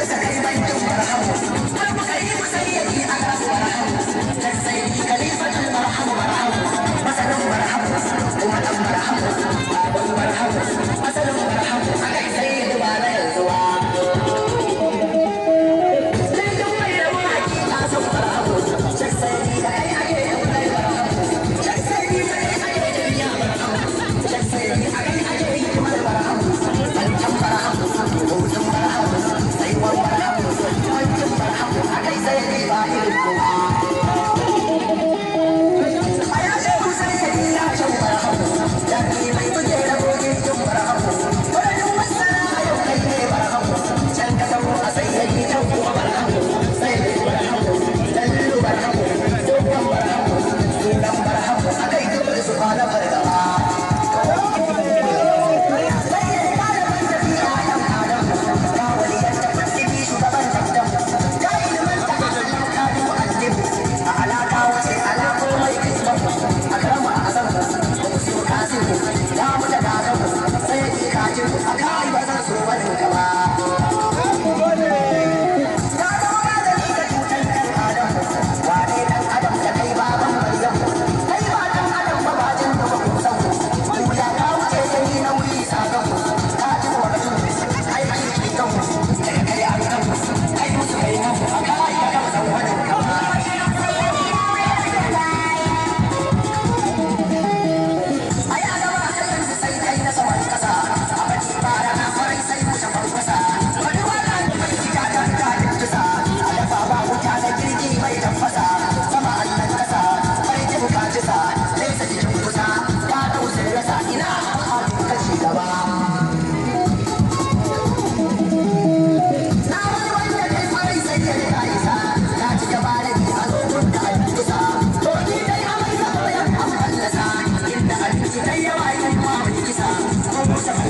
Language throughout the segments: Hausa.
essa quem vai ter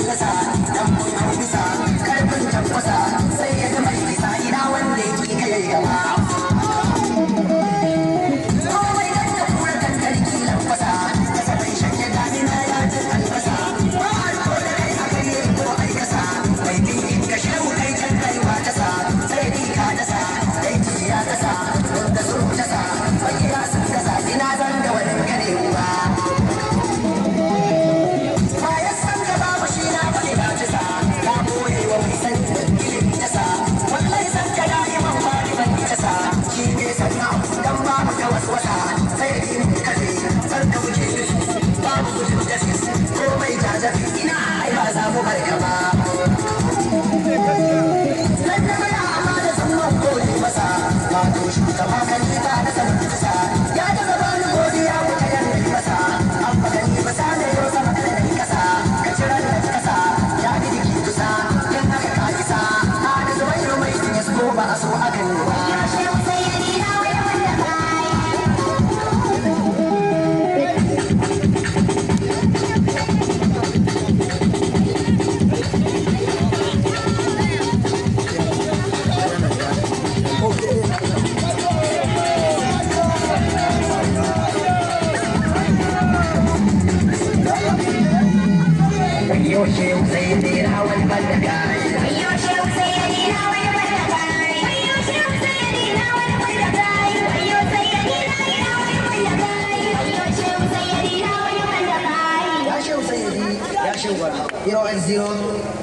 gasa dan karfin tabbasa sai ya ga ina wanda yake kai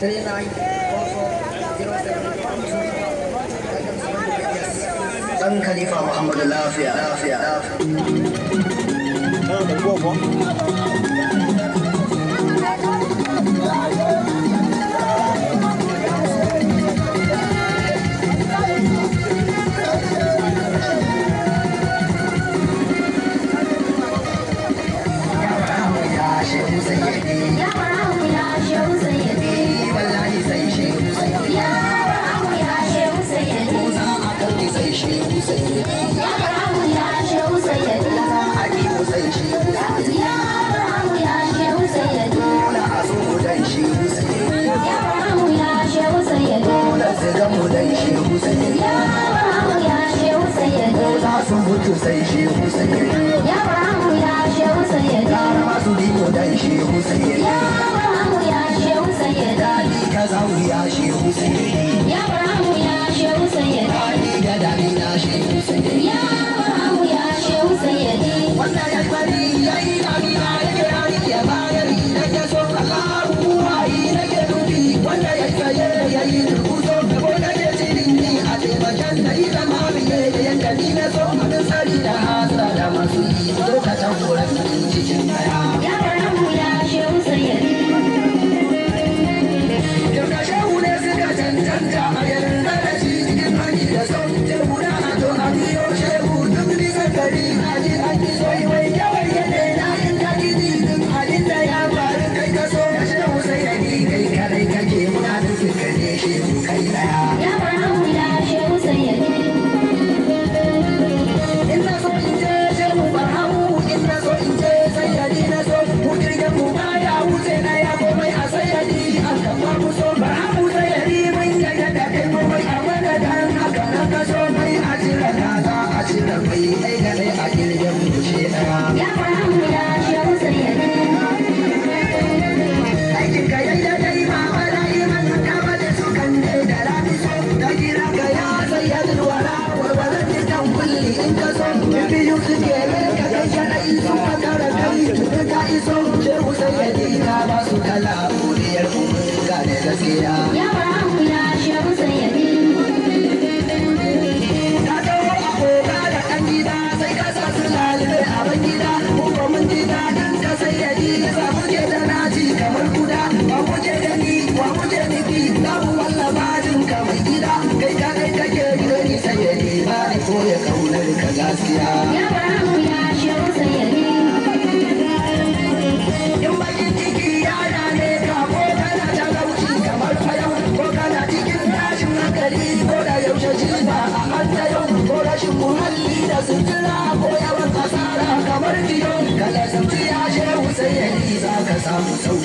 three nine four four zero seven Dan Khalifa Muhammad lafiya lafiya lafiya. Carlos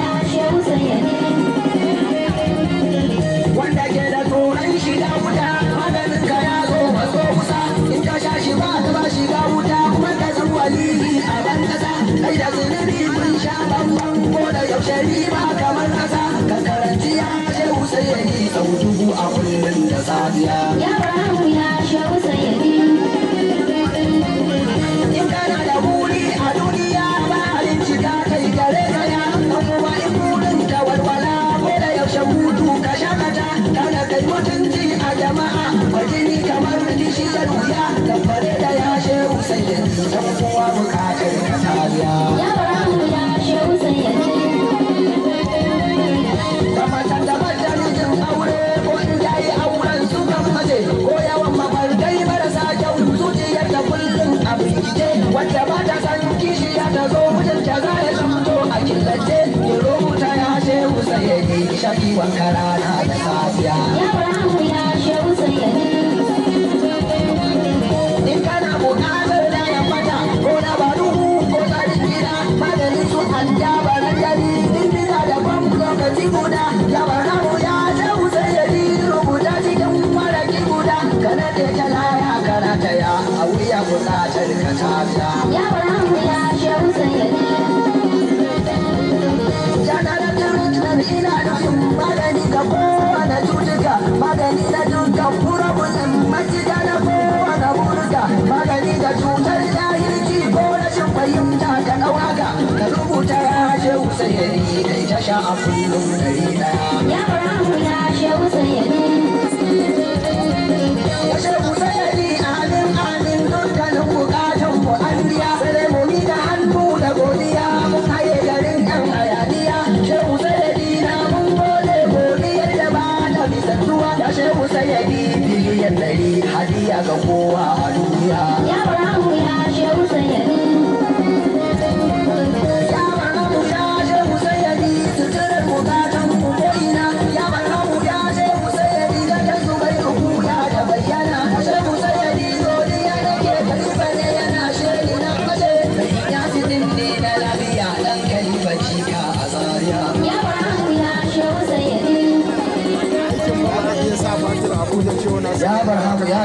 Gracias. sha a kullum ɗari ɗaya. Ya fara hula shehu sayyadi. Ya shehu sayyadi amin amin dukkanin bukatan mu an biya. Sai mu miƙa hannu da godiya mun haye 'yan ɗan hayaniya. Shehu sayyadi na mun gode godiyar da ba ta misaltuwa. Ya shehu sayyadi biliyan ɗari hadiya ga kowa a duniya.